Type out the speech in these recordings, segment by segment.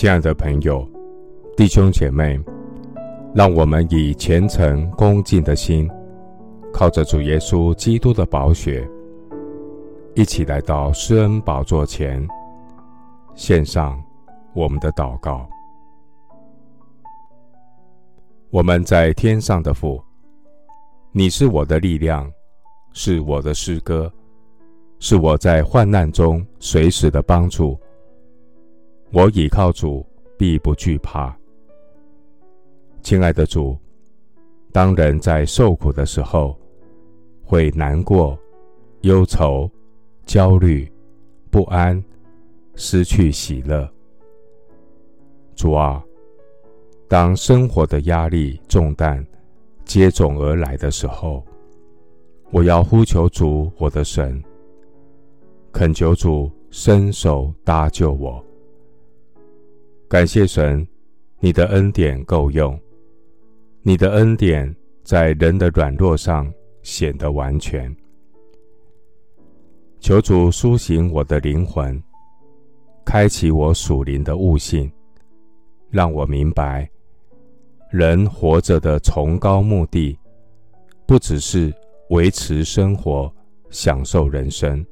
親愛的朋友、弟兄姐妹，讓我們以虔誠恭敬的心，靠着主耶穌基督的寶血，一起來到施恩寶座前，獻上我們的禱告。我們在天上的父，你是我的力量，是我的詩歌，是我在患難中隨時的幫助。我倚靠主，必不懼怕。親愛的主，當人在受苦的時候，會難過、憂愁、焦慮、不安，失去喜樂。主啊，當生活的壓力重擔接踵而來的時候，我要呼求主，我的神，懇求主伸手搭救我。感謝神，你的恩典夠用，你的恩典在人的軟弱上顯得完全。求主甦醒我的靈魂，開啟我屬靈的悟性，讓我明白人活着的崇高目的，不只是維持生活、享受人生。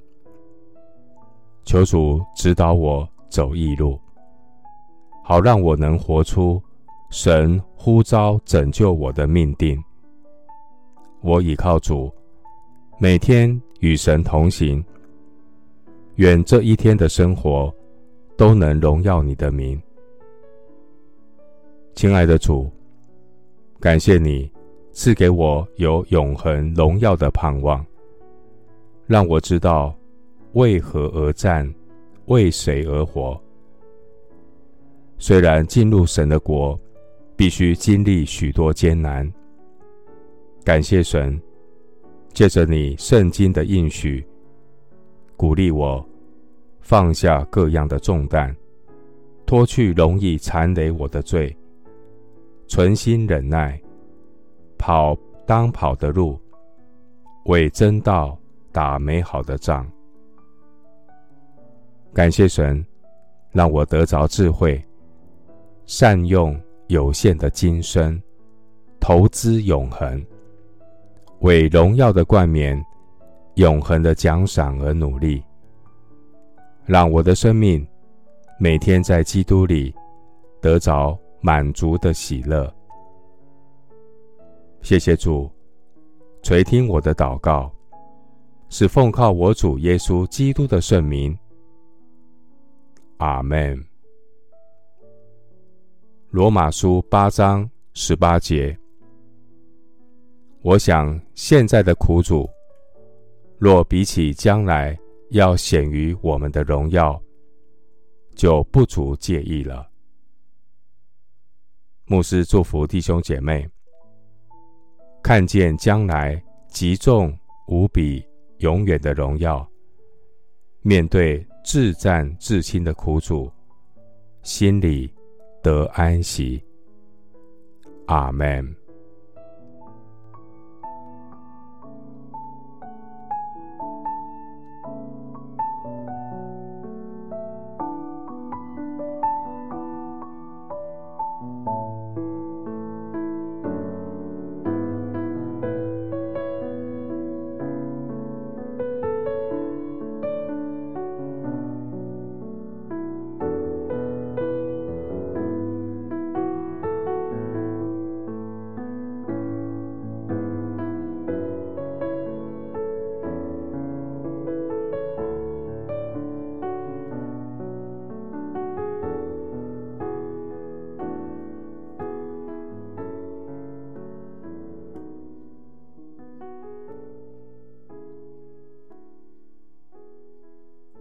求主指導我走義路。好讓我能活出神呼召拯救我的命定。我倚靠主，每天與神同行。願這一天的生活都能榮耀你的名。親愛的主，感謝你賜給我有永恆榮耀的盼望，讓我知道為何而戰，為誰而活。雖然進入神的國，必須經歷許多艱難。感謝神，借着你聖經的應許，鼓勵我放下各樣的重擔，脫去容易纏累我的罪，存心忍耐，跑當跑的路，為真道打美好的仗。感謝神，讓我得着智慧。善用有限的今生，投資永恆，為榮耀的冠冕、永恆的獎賞而努力。讓我的生命每天在基督裡得着滿足的喜樂。謝謝主，垂聽我的禱告，是奉靠我主耶穌基督的聖名。阿門。羅馬書八章十八節，我想現在的苦楚，若比起將來要顯於我們的榮耀，就不足介意了。牧師祝福弟兄姐妹，看見將來極重無比永遠的榮耀，面對至暫至輕的苦楚，心裡。得安息。阿門。